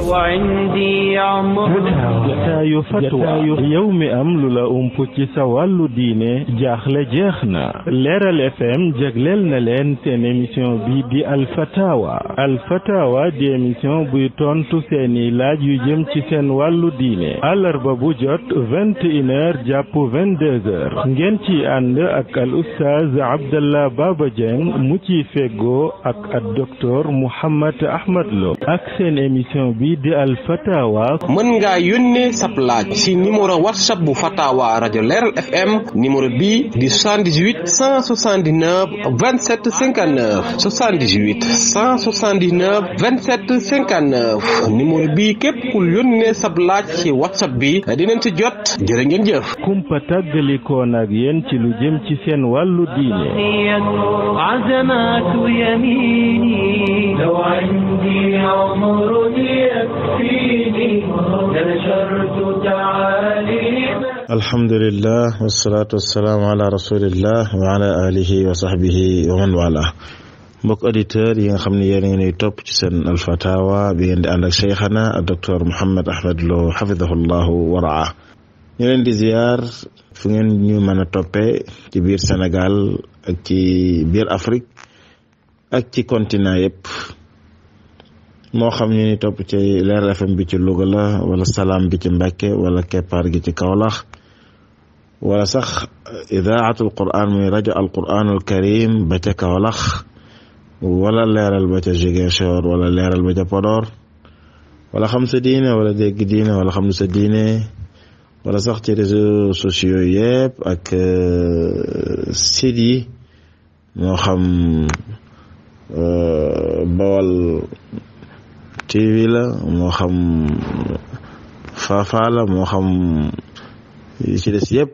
وعندي عمر jataayu fatwa yow mi am lu la ump ci sa wàllu diine jaaxle jeex na leeral fm jagleel na leen seen émission bi di alfatawa alfatawa di émission buy tontu seeni laaj yu jëm ci seen wàllu diine àllarba bu jot vingt et une heures jàpp ngeen ci ànd ak al ustaaz abdallah baaba dieng mu ci feggoo ak ak docteur mouhammad ahmad lo ak seen émission bi mën nga yónnee sab laaj ci numéro whatsapp bu fatawa rajo leeral fm numéro bi di 78 179 27 59 78 bi képp yónnee sab ci whatsapp bi dinañ ci jot jërë ngeen jëf kumpa tàggalikoon ak yéen ci lu jëm ci seen wàllu diine تكفيني نشرت تعاليما الحمد لله والصلاة والسلام على رسول الله وعلى آله وصحبه ومن والاه mbokk auditeurs yi nga xam ne yéen a ngi nuy topp ci seen alfatawa bi ngeen di ànd ak cheikhana ak docteur Mouhamed Ahmed Lo xafidahullahu waraa ñu leen di ziar fu ngeen ñu mën a toppee ci biir Sénégal ak ci biir Afrique ak ci continent yëpp moo xam ñu ni topp ci leer fm bi ci Louga la wala salaam bi ci Mbàkke wala keppaar gi ci Kawlax wala sax idaatul quran muy rajo al quranul karim ba ca wala leeral ba ca Ziguinchor wala leeral ba ca Podor wala xam sa wala dégg diine wala xam sa diine wala sax ci réseaux sociaux yëpp ak euh, site yi moo xam euh, bawal TV la moo xam Fafa moo xam yi ci des yëpp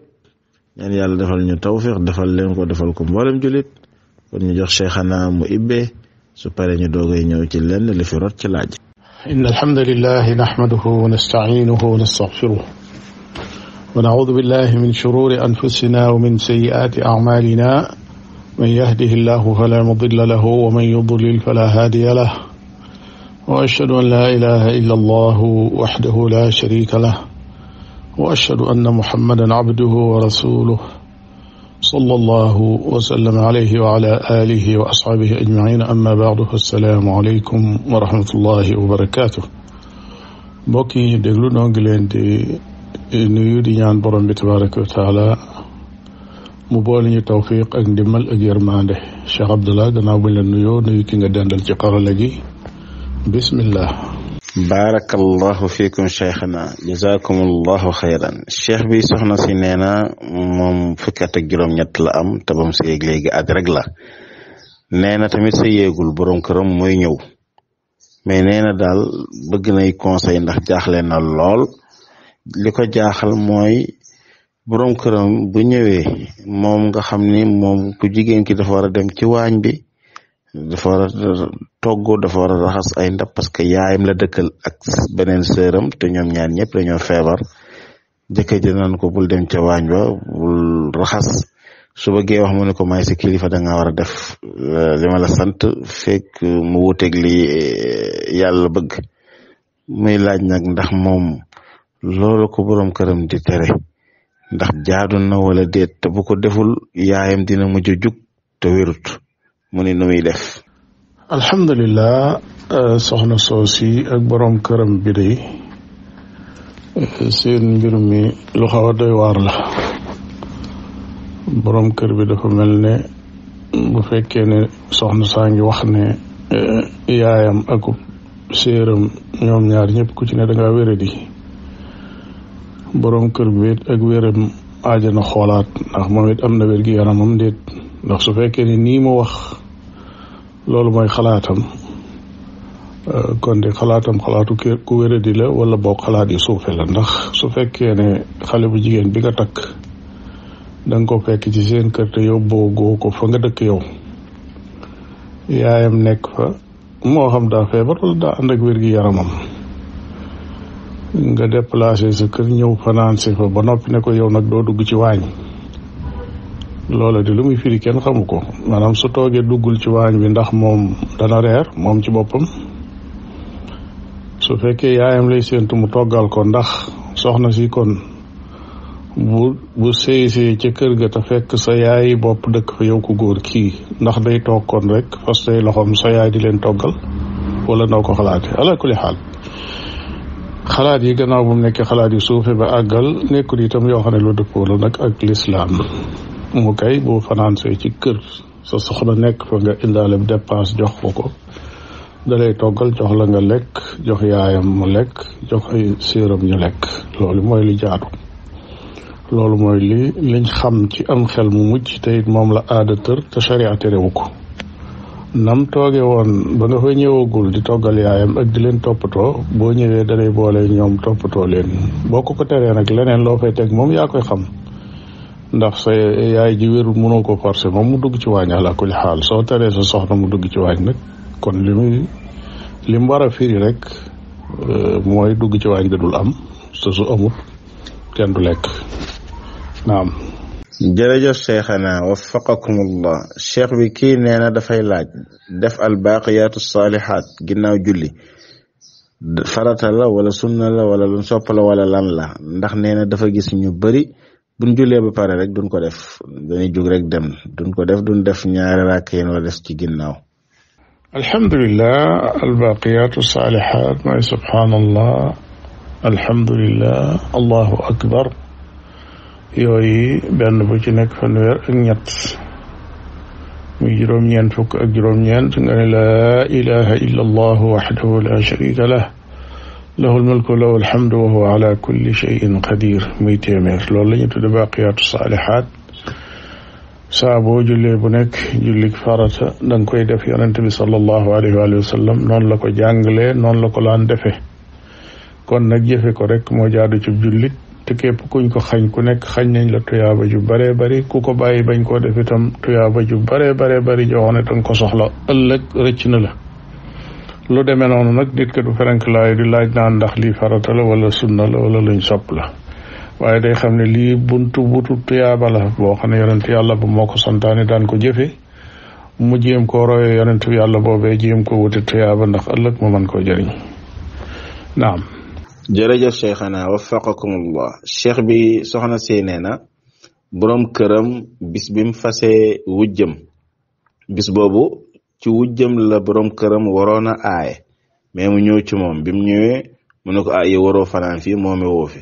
ñaan yàlla defal ñu tawfiq defal leen ko defal ko mboolem julit kon ñu jox Cheikhana mu ibbee su paree ñu doogay ñëw ci lenn li fi rot ci laaj. inna alhamdulilah nahmaduhu wa nasta'inuhu wa nastaghfiruh wa na'udhu billahi min shururi anfusina wa min sayyiati a'malina man yahdihi llahu fala mudilla lahu wa man yudlil fala hadiya lahu واشهد ان لا اله الا الله وحده لا شريك له واشهد ان محمدا عبده ورسوله صلى الله وسلم عليه وعلى اله واصحابه اجمعين اما بعد فالسلام عليكم ورحمه الله وبركاته mbokk yi ñu déglu noo ngi leen di nuyu di ñaan borom bi tabaraka wa taala mu boole ñu tawfiq ak ndimbal ak yërmande Cheikh Abdallah gannaaw buñ la nuyoo nuyu ki nga dendal ci xarala gi bismillah baarakallahu fiikum cheikhna jazakumullahu xayran cheikh bi soxna si nee na moom fukki at ak la am te bam sa yéeg léegi la nee na tamit sa yéegul borom këram mooy ñëw mais nee na daal bëgg nay conseil ndax jaaxle na lool li ko jaaxal mooy borom këram bu ñëwee moom nga xam ni moom ku jigéen ki dafa war a dem ci waañ bi dafa war togg dafa war a raxas ay ndab parce que yaayam la dëkkal ak beneen sëram te ñoom ñaar ñëpp dañoo feebar jëkkër ji naan ko bul dem ca waañ wa bul raxas su bëggee wax mu ne ko may si kilifa da nga war a def euh, li ma la sant fekk mu wuteeg li euh, yàlla bëgg muy laaj nag ndax moom loolu ko borom këram di tere ndax jaadu na wala déet te bu ko deful yaayam dina mujj jug te wérut mu ne nu def. alhamdulilah euh, soxna soosi ak borom këram bi day seen mbir mi lu xaw a doy waar la borom kër bi dafa mel ne bu fekkee ne soxna saa ngi wax ne euh, yaayam ak séeram ñoom ñaar ñëpp ku ci ne dangaa wéradi borom kër bi ak wéram aajana xoolaat ndax moom it am na wér gi yaramam déet ndax su fekkee ne nii mu wax loolu mooy xalaatam euh, kon de xalaatam xalaatu ku wéradi la wala boo xalaat yu suufe la ndax su fekkee ne xale bu jigéen bi nga takk da ko fekk ci seen kër te yow boogoo ko fa nga dëkk yow yaayam nekk fa moo xam daa feebar wala daa ànd ak wér-gi yaramam nga déplacé sa kër ñëw fanaan si fa ba noppi ne ko yow nag doo dugg ci waañ loola di lu muy firi kenn xamu ko maanaam su toogee duggul ci waañ bi ndax moom dana reer moom ci boppam su fekkee yaayam lay séentu mu toggal ko ndax soxna si kon bu bu sëy ca kër ga te fekk sa yaay bopp dëkk fa yow ko góor kii ndax day toog kon rek fas day loxoom sa yaay di leen toggal wala noo ko xalaate ala kulli xaal xalaat yi gannaaw bu mu nekkee xalaat yu suufe ba àggal nekkul tam yoo xam ne lu dëppoo la nag ak lislaam mu kay boo fanaan fanaansee ci kër sa soxna nekk fa nga indaale dépense jox ko ko dalay toggal jox la nga lekk jox yaayam mu lekk jox ay séeram ñu lekk loolu mooy li jaadu loolu mooy li liñ xam ci am xel mu mujj teyit moom la aada tër te sharia terewu ko nam tooge woon ba nga fa ñëwagul di toggal yaayam ak di leen toppatoo boo ñëwee dalay boole ñoom toppatoo leen boo ko ko teree nag leneen loo fay teg moom yaa koy xam ndax so yaay ji wérul ko forcé moom mu dugg ci waañ ala kulli xaal soo teree sa soxna mu dugg ci waañ nag kon li muy li mu war a firi rek euh, mooy dugg ci waañ da am te su amut kenn du lekk naam. jërëjëf cheikhana waffaqakumullah cheikh bi kii nee na dafay laaj def al baaqiyaatu saalihaat ginnaaw julli farata la wala sunna wala lu sopp wala lan la ndax nee na dafa gis ñu bëri. buñ jullee ba pare rek duñ ko def dañuy jug duñ ko def duñ def ñaari rakk def ci ginnaaw. alhamdulilah albaqiyatu salihat mooy subhanallah alhamdulilah allahu akbar yooyu benn bu ci nekk fanweer ak ñett muy juróom-ñeent fukk ak la sharika lah lahul mulku lahul hamdu wa huwa ala kulli shay'in qadir muy téeméer loolu la ñu tudde baaqiyaatu saalihaat boo jullee bu nekk jullik farata da nga koy def yonent bi sallallahu alayhi wa sallam noonu la ko jàngalee noonu la ko laan defee kon nag jëfe ko rek moo jaadu ci jullit te képp kuñ ko xañ ku nekk xañ nañ la tuyaaba ju bare bari ku ko bàyyi bañ koo def tuyaaba ju bare bare bari joo xam ne danga ko soxla ëllëg rëcc na la lu demee noonu nag nit ka du ferenklaayu di laaj naan ndax li farata la wala sunna la wala luñ sopp la waaye day xam ne lii buntu butu tuyaaba la boo xam ne yonent yàlla ba moo ko santaane daan ko jëfe mu jéem koo royee yonent yàlla boobee jéem ko wuti tuyaaba ndax ëllëg mu mën koo jëriñ naam jërëjëf cheikhana waffaqakumullah cheikh bi soxna si nee na boroom këram bis bi mu fasee wujjëm bis boobu ci wujjam la borom këram waroon a aaye mais mu ñëw ci moom bi mu ñëwee mu ne ko ah yow waroo fanaan fii moome woo fi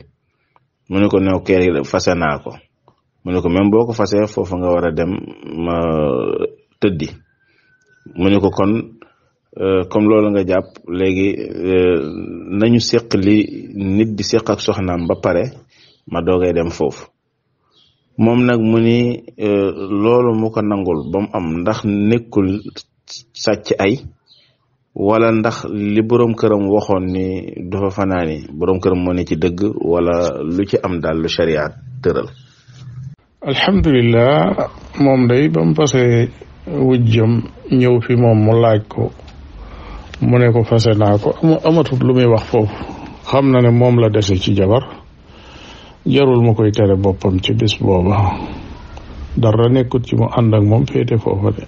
mu ne ko ne kër fase naa ko mu ne ko même boo ko fasee foofu nga war a dem ma tëddi mu ne ko kon euh, comme loolu nga jàpp léegi euh, nañu seq li nit di seq ak soxnaam ba pare ma doogay dem foofu moom nag mu ni euh, loolu mu ko nangul ba mu am ndax nekkul sàcc ay wala ndax li borom këram waxoon ni du fa fanaani borom këram moo ne ci dëgg wala lu ci am daal lu sharia tëral alhamdulilah moom day ba mu pasee wujjam ñëw fi moom mu laaj ko mu ko fase naa amatut lu muy wax foofu xam na ne moom la dese ci jabar jarul mu koy tere boppam ci bis booba dara nekkut ci mu ànd ak moom féete de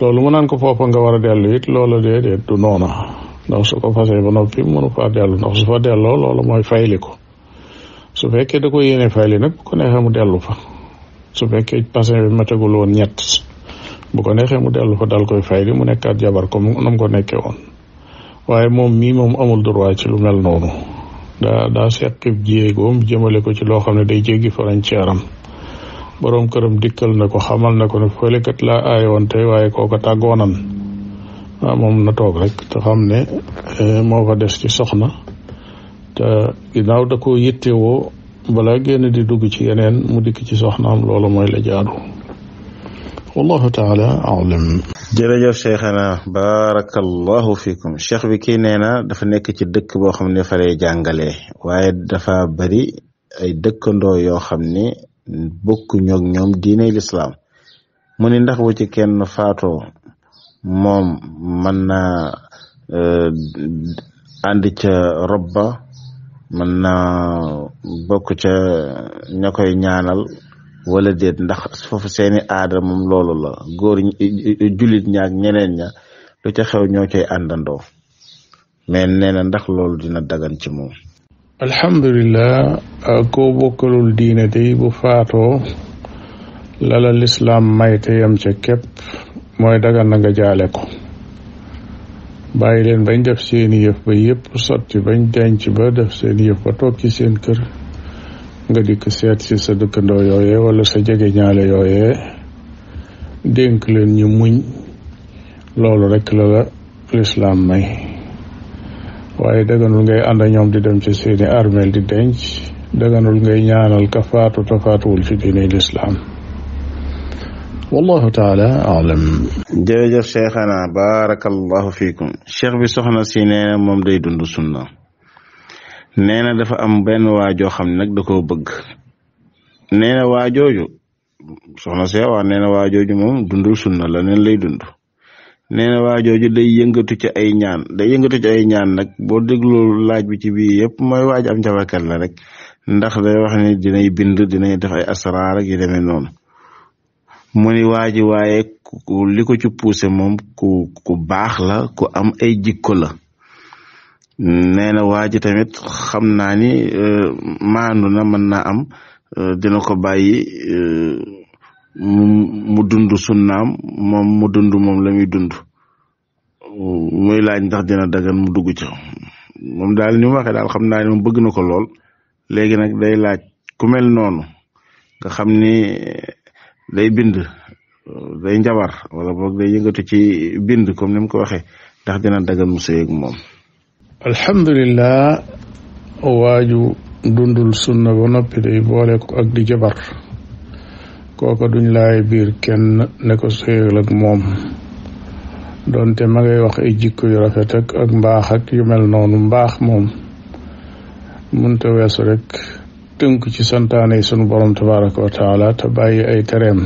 loolu mu naan ko foofa nga war a dellu it loola déedéet du noona ndax su ko fasee ba noppi mënu faa dellu ndax su fa delloo loola mooy fayli ko su fekkee da koy yéene fayli nag bu ko neexee mu dellu fa su fekkee passé bi matagul woon ñett bu ko neexee mu dellu fa dal koy fayli mu nekkaat jabar ko mu nam ko nekkee woon waaye moom mii moom amul droit ci lu mel noonu daa daa seqib jéegoom jëmale ko ci loo xam ne day jéggi frontière am boroom këram dikkal na ko xamal na ko ne fële kat laa aaye woon tey waaye kooka na toog rek te xam ne eh, moo fa des ci soxna te ginnaaw da ko yittewoo bala génn di dugg ci yeneen mu dikk ci soxnaam loolu mooy la jaadu wallahu taala alam jërëjëf cheikhana barakallahu fikum cheikh bi kii nee na dafa nekk ci dëkk boo xam ne fa lay jàngalee waaye dafa bari ay dëkkandoo yoo xam ni bokkuñu ak ñoom diiney lislaam mu ni ndax bu ci kenn faatoo moom mën naa e, ànd ca rob ba mën naa bokk ca ña koy ñaanal wala déet ndax foofu seeni aada moom loolu la góor jullit ñaak ñeneen ña lu ca xew ñoo cay àndandoo mais nee na ndax loolu dina dagan ci moom alhamdulillah koo bokkalul diine day bu faatoo lala lislaam mayte yam ca képp mooy dagan na nga jaale ko bàyyi leen bañ def seeni yëpp ba yëpp sotti bañ denc ba def seeni yëf ba toog ci seen kër nga dikk seet si sa dëkkandoo yooye wala sa jege ñaale yooye dénk leen ñu muñ loolu rekk la la lislaam may waaye daganul ngay ànd ak ñoom di dem ci seeni armeel di denc daganul ngay ñaanal ka faatu te faatuwul ci wallahu taala alam jërëjëf cheikhana barakallahu fiikum cheikh bi soxna si nee na moom day dund sunna nee na dafa am benn waajoo xam ne nag da koo bëgg nee na waajooju soxna see waa nee na waajooju moom dundul sunna la neen lay dund nee na waa jooju yëngatu ci ay ñaan da yëngatu ci ay ñaan nag boo dégloo laaj bi ci biir yëpp mooy waaj am njabarkat la rek ndax day wax ne dinay bind dinay def ay asraar ak yu demee noonu mu ni waaye li ko ci poussé moom ku baax la ku am ay jikko la nee na waa tamit xam naa ni euh, maandu na mën naa am euh, dina ko bàyyi euh, mu dund sunnaam moom mu dund moom la muy dund muy laaj ndax dina dagan mu dugg ca daal ni mu waxee daal xam naa ne moom bëgg na ko lool léegi nag day laaj ku noonu nga xam ni eh, day bind day njabar wala boog day yëngatu ci bind comme ni ko waxee ndax dina dagan mu sëy ak moom alhamdulilah waaju dundul sunna ba noppi day boole ko ak di jabar kooka duñ laay biir kenn ne ko sëyal ak moom doonte ma ngay wax ay jikko yu rafet ak ak mbaax ak yu mel noonu mbaax moom munta weesu rek tënku ci santaane yi sunu borom tabaraka wa taala bàyyi ay tereem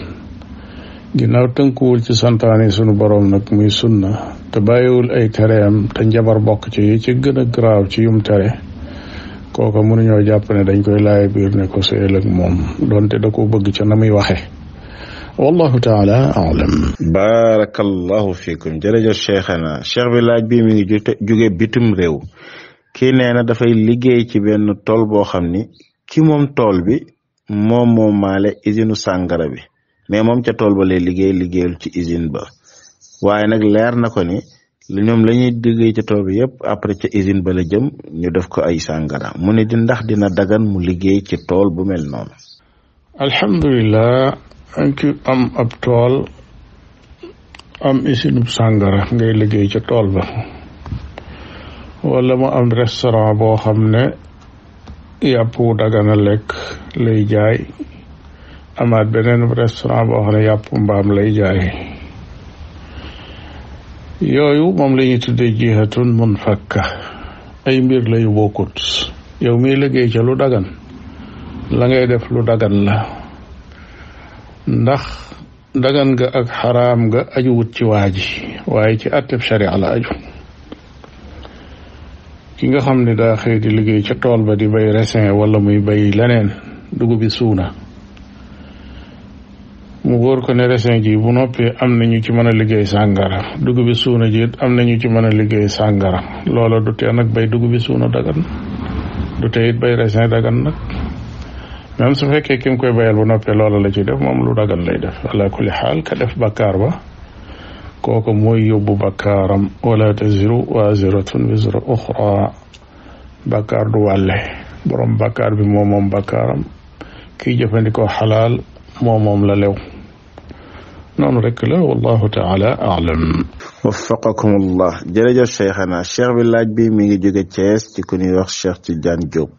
ginnaaw tënkuwul ci santaane yi sunu borom nag muy sunna te bàyyiwul ay tereem te njabar bokk ci yi ci gën garaaw ci yum tere kooka mënuñoo jàpp ne dañ koy laay biir ko sa ëllëg moom donte da koo bëgg ca na muy waxe wallahu taala alam barakallahu fikum jërëjëf cheikhana cheikh bi laaj bi mi ngi jóge bitim réew kii nee na dafay liggéey ci benn tool boo xam ni ki moom tool bi moom moo maale usine sàngara bi mais moom ca tool ba lay liggéey liggéeyul ci usine ba waaye nag leer na ko li ñoom la liggéey ca tool bi yëpp après ca usine ba la jëm ñu def ko ay sàngara mu ne di ndax dina dagan mu liggéey ci tool bu mel noonu. alhamdulilah ki am ab tool am usine sàngara ngay liggéey ca tool ba wala mu am restaurant boo xam ne yàpp dagana lekk lay jaay amaat beneen restaurant boo xam ne yàpp mbaam lay jaay. yooyu moom la ñuy tuddee jihatun munfakka ay mbir la yu bokkut yow mi liggéey ca lu dagan la ngay def lu dagan la ndax dagan ga ak xaraam ga ajuwut ci waa ji waaye ci atteb sharia la aju ki nga xam ne daa xëy di liggéey ca tool ba di bay raisin wala muy bay leneen dugubi suuna mu wóor ko ne resin ji bu noppi am na ñu ci mën a liggéey sàngara dugub bi suuna ji am na ñu ci mën a liggéey sàngara loola du tee nag bay dugub bi suuna dagan du tee it bay resin dagan nag même su fekkee ki mu koy bayal bu noppee loola la ci def moom lu dagan lay def ala kulli def bakkaar ba kooku mooy yóbbu bakkaaram wala taziru waziratun wizra uxra bakkaar du wàlle borom bakkaar bi moom moom jëfandikoo xalaal moo moom la lew noonu rek la wallahu taala alam waffaqakum allah jërëjëf cheikhana cheikh bi laaj bi mi ngi jóge Thiès ci ku ñuy wax Cheikh Tidiane Diop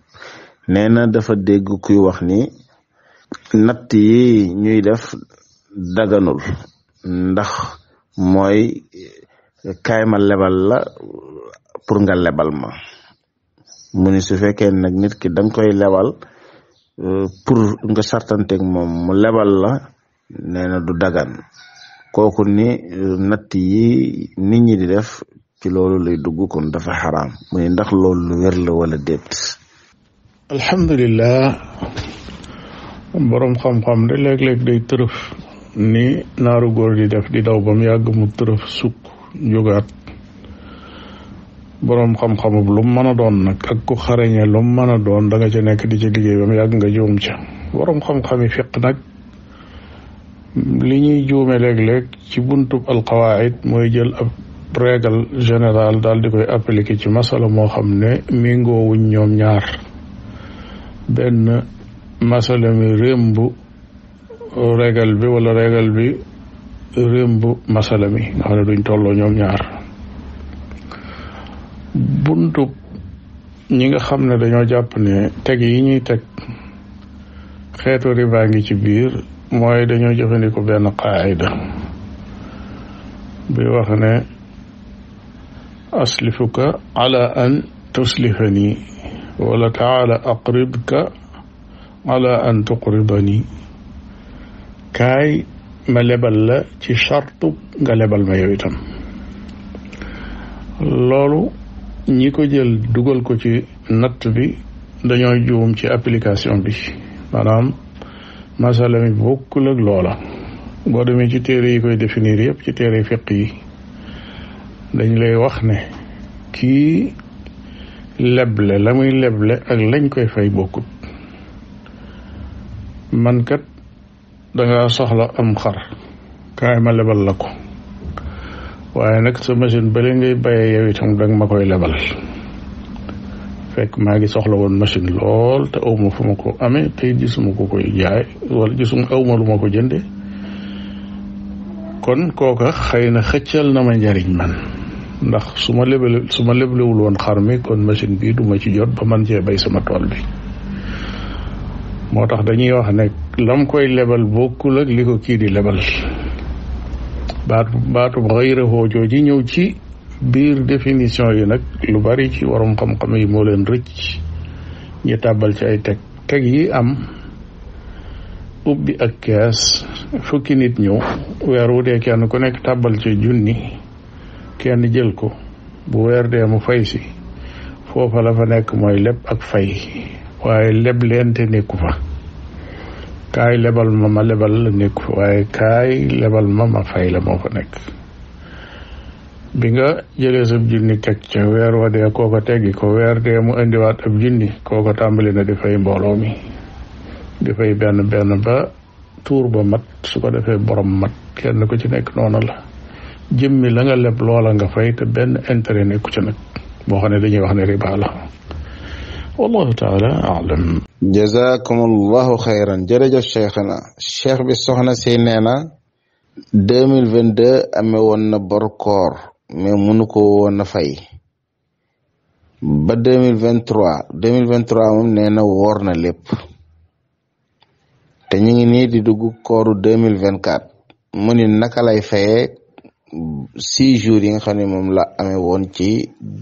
nee na dafa dégg kuy wax ni natt yi ñuy def daganul ndax mooy kaay ma lebal la pour nga lebal ma mu ni nag nit ki danga koy lebal euh, pour nga sartanteeg moom mu lebal la nee na du dagan kooku ni euh, natt yi nit ñi di def ci loolu lay dugg kon dafa xaraam mu ne ndax loolu lu wér la wala déet alhamdulilah boroom xam-xam de léeg-léeg day tërëf ni naaru góor di def di daw ba mu yàgg mu tërëf suk jógaat borom xam-xamub lu mu mën a doon nag ak ku xarañe lu mu mën a doon da nga ca nekk di ci liggéey ba mu yàgg nga juum ca boroom xam-xami fiq nag li ñuy juume léeg-léeg ci buntub alqawaid mooy jël ab règle générale daal di koy appliquer ci masala moo xam ne méngoowuñ ñoom ñaar benn masala mi rémb régal bi wala règle bi rémb masala mi nga xam ne duñ tolloo ñoom ñaar buntub ñi nga xam ne dañoo jàpp ne teg yi ñuy teg xeetu riba ngi ci biir mooy dañoo jëfandikoo benn qaayida bi wax ne aslifuka ala an tuslifani wala taala aqribka ala an tuqribani kaay ma lebal la ci chartu nga lebal ma yow loolu ñi ko jël dugal ko ci natt bi dañoo juum ci application bi maanaam masala mi bokkul ak loola boo demee ci téere yi koy definiir yëpp ci téere fiq yi dañ lay wax ne kii leble la muy leble ak lañ koy fay bokkut man kat danga soxla am xar kaay ma lebal la ko waaye nag sa machine bale ngay bayee yow itam danga ma koy lebal fekk maa ngi soxla woon machine lool te awma fu ma ko amee te gisuma ko koy jaay wala gisuma awma lu ma ko jënde kon kooka xëy na xëccal na ma njariñ man ndax su ma lebale su ma leblewul woon xar mi kon machine bi duma ci jot ba man cee bay sama tool bi moo tax dañuy wax ne lam koy lebal bokkul ak li ko kii di lebal baatu baatu xëyra ñëw ci biir définition yi nag lu bari ci warum xam-xam yi moo leen rëcc ñu tàbbal ci ay teg teg yi am ubbi ak kees fukki nit ñëw weer wu dee kenn ku nekk tàbbal ci junni kenn jël ko bu weer dee mu fay si foofa la fa nekk mooy leb ak fay waaye leb leen te nekku fa kaay lebal ma ma lebal la nekku fa waaye kaay lebal ma ma fay la moo fa nekk bi nga jëlee sab junni teg weer wa dee kooko teggi ko weer dee mu indiwaat ab junni kooko tàmbali na di fay mbooloo mi di fay benn benn ba tuur ba mat su ko defee borom mat kenn ku ci nekk noonu la jëmmi la nga leb loola nga fay te benn intérêt nekku ci boo xam ne dañuy wax ne riba la wallahu taala alam jazakum allahu xayran jërëjëf cheikhana cheikh bi soxna si nee na deux mille vingt deux amee woon na bor koor mais munu ko woon a fay ba deux mille vingt trois deux mille vingt trois moom nee na woor na lépp te ñu ngi nii di dugg kooru deux mille vingt quatre mu naka lay fayee six jours yi nga xam ne moom la ame woon ci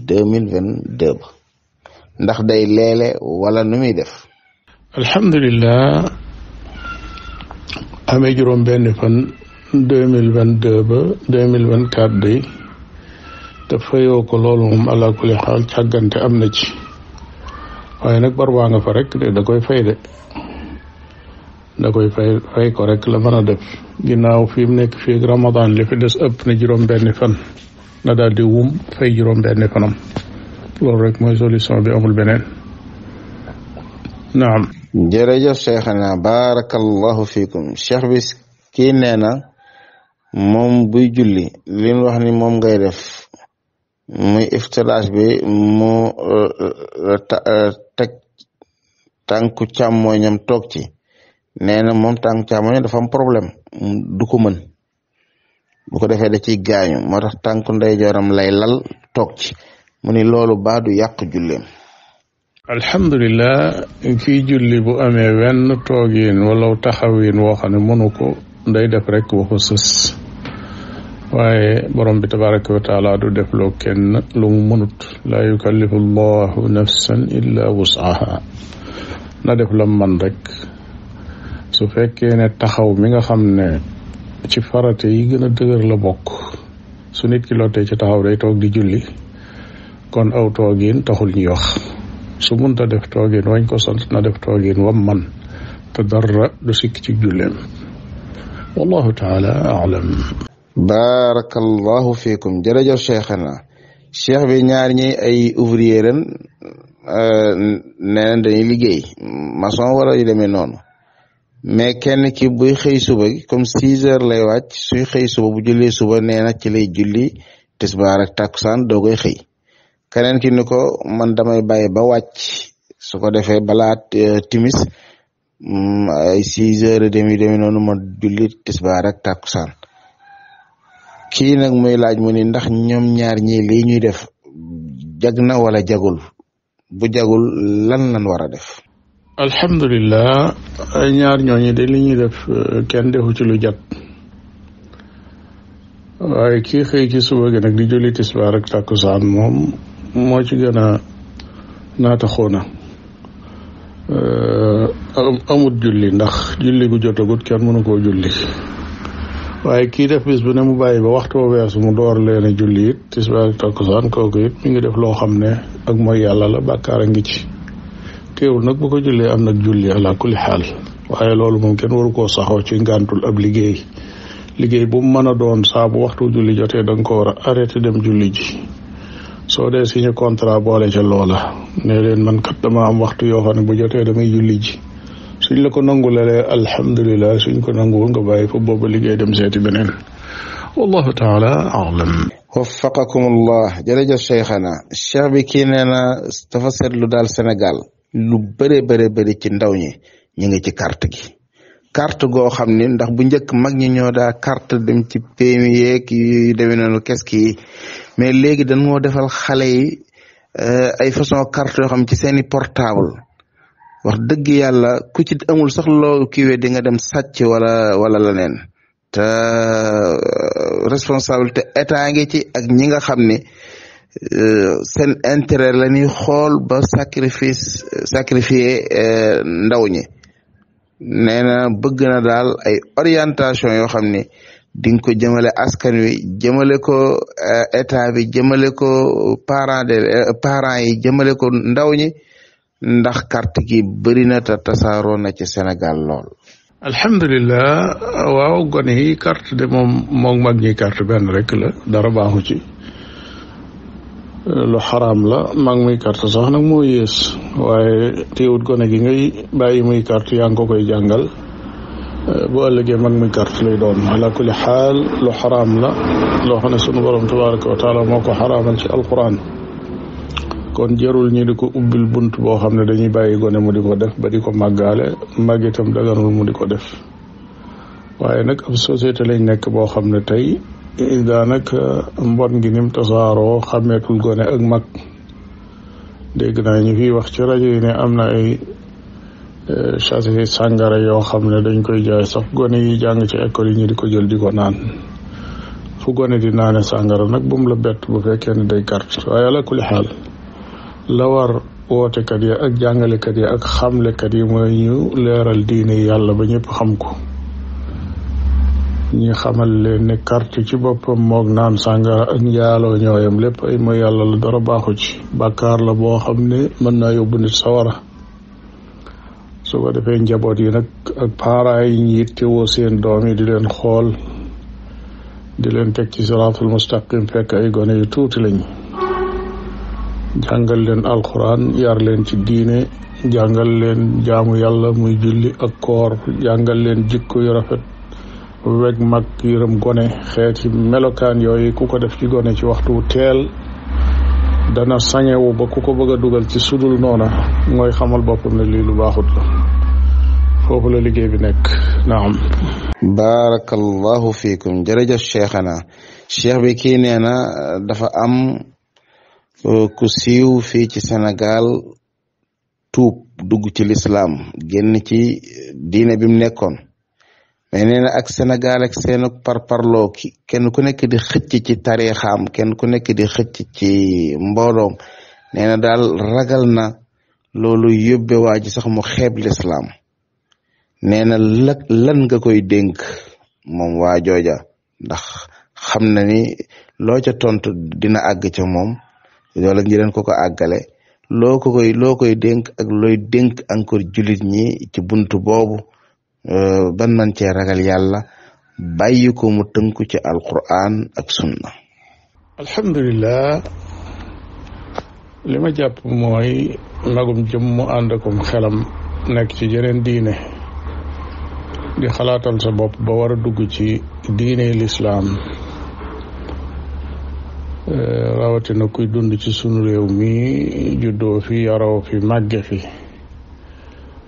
deux mille vingt deux ba ndax day leele wala nu muy def. alhamdulilah amee juróom benn deux mille vingt deux ba mille vingt quatre day. te fayoo ko loolu moom ala xaal càggante am na ci waaye nag bar baa nga fa rek de da koy fay de da koy fay fay ko rek la mën a def ginnaaw fi mu nekk fii Ramadan li fi des ëpp na juróom-benni fan na daal di wum fay juróom-benni fanam loolu rek mooy solution bi amul beneen naam. jërëjëf Cheikhana barakallahu fiikum cheikh bi kii nee na moom buy julli li ñu wax ngay def. muy iftilaj bi mu euh, euh, teg tànku càmmoñam toog ci nee na moom tànku càmmoñam dafa am problème du ko mën bu ko defee da ciy gaañu moo tax tànku lay lal toog ci mu ni loolu baa du yàq julleem alhamdulilah kii julli bu amee wenn toogin wala taxawin woo xam ne mënu ko nday def rek waxu waaye borom bi tabaraka wa taala du def loo kenn lu mu mënut laa yukallifu llahu nafsan wusaha na def lam man rek su fekkee ne taxaw mi nga xam ne ci farate yi gën a dëgër la bokk su nit ki lottee ci taxaw day toog di julli kon aw toogin taxul ñuy wax su munta def toogin wañ ko sant na def toogin wam man te dara du sikk ci julleem wallahu taala alam barakallahu fiikum jërëjëf cheikhana cheikh bi ñaar ay ouvrier ren euh, nee dañuy liggéey maçon wala yu demee noonu mais kenn ki buy xëy suba gi comme six heures lay wàcc suy xëy suba bu jullee suba nee na ci lay julli tisbaar ak takkusaan doo koy xëy keneen ki ni ko man damay bàyyi ba wàcc su ko defee balaa euh, timis mm, ay six heures et demi demi noonu ma julli tisbaar ak takkusaan kii nag muy laaj mu ni ndax ñoom ñaar ñi lii ñuy def jag na wala jagul bu jagul lan lan war a def alhamdulilah ay ñaar ñooñu de li def euh, kenn defu ci lu jag waaye kii xëy ci suba gi nag di julli tisbaar ak takkusaan moom moo ci gën a naata xoona euh, amut ndax julli gu jotagut kenn mënu koo julli waaye kii def bis bu ne mu bàyyi ba waxtu ba weesu mu door leen a julli it tisbaar takkusaan kooku it mi ngi def loo xam ne ak mooy yàlla la bàkkaar a ngi ci teewul nag bu ko jullee am nag julli ala kulli xaal waaye loolu moom kenn waru koo saxoo ci ngàntul ab liggéey liggéey bu mu mën a doon saabu bu waxtu julli jotee da ko war a arrêté dem julli ji soo dee si signé contrat boole ca loola ne leen man kat dama am waxtu yoo xam ne bu jotee damay julli ji suñ la ko nangulalee alhamdulilah suñ ko nanguwul nga bàyyi fa booba liggéey dem seeti beneen wallahu taala alam waffaqakum allah jërëjëf cheikhana cheikh bi kii nee na dafa seetlu daal Sénégal lu bëree bëri bëri ci ndaw ñi ñu ngi ci carte gi carte goo xam ni ndax bu njëkk mag ñi ñoo daa carte dem ci PMI yeeg yu demee noonu kes ki mais léegi dañoo defal xale yi euh, ay façon carte yoo xam ci seeni portable wax dëgg yàlla ku ci amul sax loo kiiwee di nga dem sàcc wala wala leneen te euh, responsabilité état ngi ci ak ñi nga xam ne euh, seen intérêt la ñuy xool ba sacrifice sacrifier euh, ndaw ñi nee na bëgg na daal ay orientation yoo xam ne di nga ko jëmale askan wi jëmale ko état bi jëmale ko parents de parents yi jëmale ko ndaw ñi ndax carte gi bëri na te tasaaroo na ci senegal lool. alhamdulilah waaw gone yi carte de moom moog mag ñi carte benn rek la dara baaxu ci lu xaram la mag muy carte sax nag moo yées waaye teewut gone gi ngay bàyyi muy carte yaa ngi ko koy jàngal bu ëllëgee mag muy carte lay doon ala kulli xaal lu xaraam la loo xam ne sunu borom tabaraka wa taala moo ko ci alquran. kon jarul ñu di ko ubbil bunt boo xam ne dañuy bàyyi gone mu di ko def ba di ko màggaale màgg itam daganul mu di ko def waaye nag ab société lañ nekk boo xam ne tey daanaka mbon gi nim tasaaroo xàmmeetul gone ak mag dégg naa ñu fiy wax ci rajo yi ne am na ay eh, chasse sàngara yoo xam ne dañ koy jaay sax gone yi jàng ci école yi ñu di ko jël di ko naan fu gone di naane sàngara nag bu mu la bett bu fekkee ne day carte waaye ala kulli xaal la war wootekat ya ak jàngalekat ya ak xamlekat yi mooy ñu leeral diine yàlla ba ñëpp xam ko ñi xamal leen ne carte ci boppam moog naan sàngara ak njaaloo ñooyam lépp ay mooy yàlla la dara baaxu ci bàkkaar la boo xam ne mën naa yóbbu nit sawara su defee njaboot yi nag ak parents yi ñu yittewoo seen doom yi di leen xool di leen teg ci siraatul mustaqim fekk ay gone yu tuuti lañ jàngal leen alxuraan yar leen ci diine jàngal leen jamu yàlla muy julli ak koor jàngal leen jikko yu weg mag yërëm gone xeeti melokaan yooyu ku ko def ci gone ci waxtu teel dana sañewu ba ku ko bëgg a dugal ci sudul noona mooy xamal boppam ne lii lu baaxut la foofu la liggéey bi nekk naam barakallahu fiikum jërëjëf cheikhana cheikh bi kii dafa am Euh, ku siiw fii ci Sénégal tuub dugg ci lislaam génn ci diine bi mu nekkoon mais nee na ak Sénégal ak seen parparloo ki kenn ku nekk di xëcc ci tariixaam kenn ku nekk di xëcc ci mbooloom nee na daal ragal na loolu yóbbe sax mu xeeb lislaam nee na lan nga koy dénk moom waa jooja ndax xam na ni loo ca tontu dina àgg ca moom wala ngeen ko ko àggale loo ko koy loo koy dénk ak looy dénk encore jullit ñi ci bunt boobu euh, ban man cee ragal yàlla bàyyi ko mu tënku ci alquran ak sunna alhamdulilah lima ma jàpp mooy magum jëm mu xelam nekk ci jeneen diine di xalaatal sa bopp ba war a dugg ci diine lislaam Eh, rawatina kuy dund ci sunu réew mi juddoo fi yaroo fi màgge fi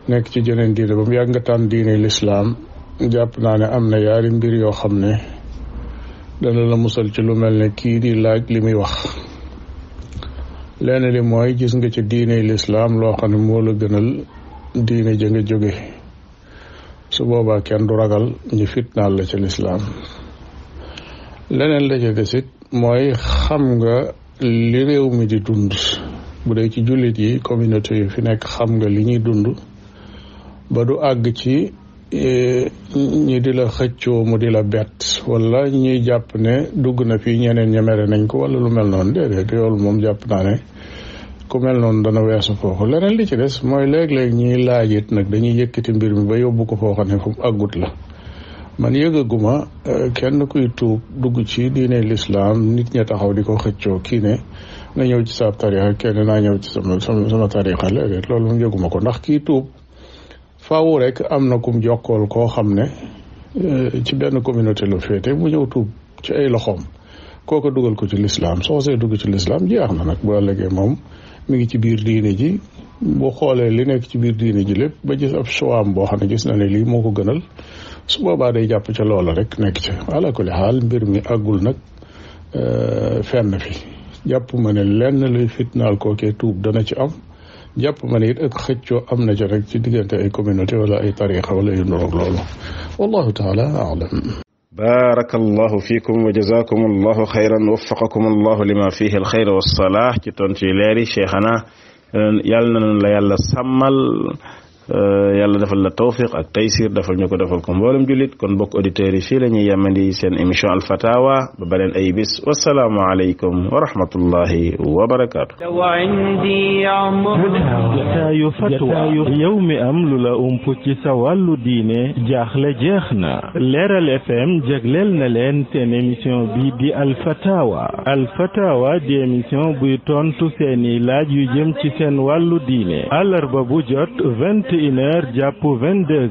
nekk ci jeneen diine ba mu yàgg nga tànn diine lislaam jàpp naa ne am na yaari mbir yoo xam ne dana la musal ci lu mel ne kii di laaj li muy wax leneen li mooy gis nga ci diine lislaam loo xam ne moo la gënal diine ja jóge su boobaa kenn du ragal ñu fitnaal la ci lislaam leneen la ca desit mooy xam nga li réew mi di dund bu dee ci jullit yi communauté yi fi nekk xam nga li ñuy dund ba du àgg ci e, ñi di la xëccoo mu di la bett wala ñuy jàpp ne dugg na fii ñeneen ña nañ ko wala lu mel noonu déedéet yoolu moom jàpp naa ne ku mel noonu dana weesu foofu leneen li ci des mooy léeg-léeg ñuy laajit nag dañuy yëkkati mbir mi ba yóbbu ko foo ne fu mu la man yëgaguma euh, kenn kuy tuub dugg ci diine lislaam nit ña taxaw di ko xëccoo kii ne na ñëw ci sa tarixa kenn naa ñëw ci sama sama tarixa lool loolu moom yëguma ko ndax kii tuub fawu rek am na kum jokkool koo xam ne euh, ci benn communauté lu féete mu ñëw tuub ci ay loxoom kooko dugal ko ci lislaam soo dugg ci lislaam jeex na nag bu ëllëgee moom mu ngi ci biir diine ji boo xoolee li nekk ci biir diine ji ba gis ab choix boo xam ne gis na ne lii moo ko gënal su boobaa day jàpp ca loola rek nekk ca ala kulli xaal mbir mi àggul nag euh, fenn fi jàpp ma ne lenn luy fitnaal kookee tuub ci am jàpp ma ne it ak xëccoo am na ca rek ci diggante ay communauté wala ay tariqa wala yu noroog loolu wallahu taala alam baraka allahu fiikum wa jazakum allahu xayran waffaqakum ci tontu yi yàlla na la yàlla sàmmal Euh, yàlla defal la tawfiq ak taysir defal ñu ko defal ko mboolem jullit kon bokk auditeurs yi fii la ñuy yemandi seen émission al fatawa ba beneen ay bis wasalaamu aleykum wa rahmatullahi wa barakaatu jataayu fatwa yow mi am lu la ump ci sa wàllu diine jaaxle jeex na leeral fm jagleel na leen seen émission bi di al fatawa al fatawa di émission buy tontu seeni laaj yu jëm ci seen wàllu diine àllarba bu jot 20 une heure jàpp vingt deux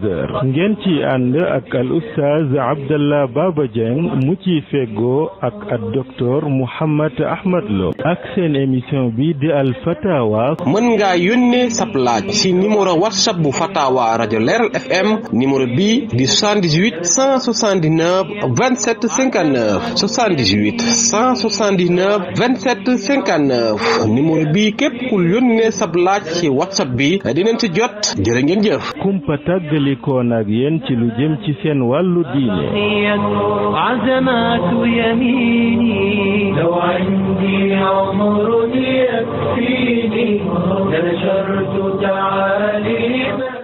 ngeen ci ànd ak al oustaz Abdallah Baba Dieng mu ci feggoo ak ak docteur Mouhammad Ahmad Lo ak seen émission bi di al fatawa mën ngaa yónnee sab laaj ci numéro whatsapp bu fatawa rajo leeral fm numéro bi di 78 179 27 59 bi képp yónnee sab laaj ci whatsapp bi dinañ ci jot jërë ngeen jëf. kumpa tàggalikoon ak yéen ci lu jëm ci seen wàllu diine. عمر يكفيني نشرت تعاليمه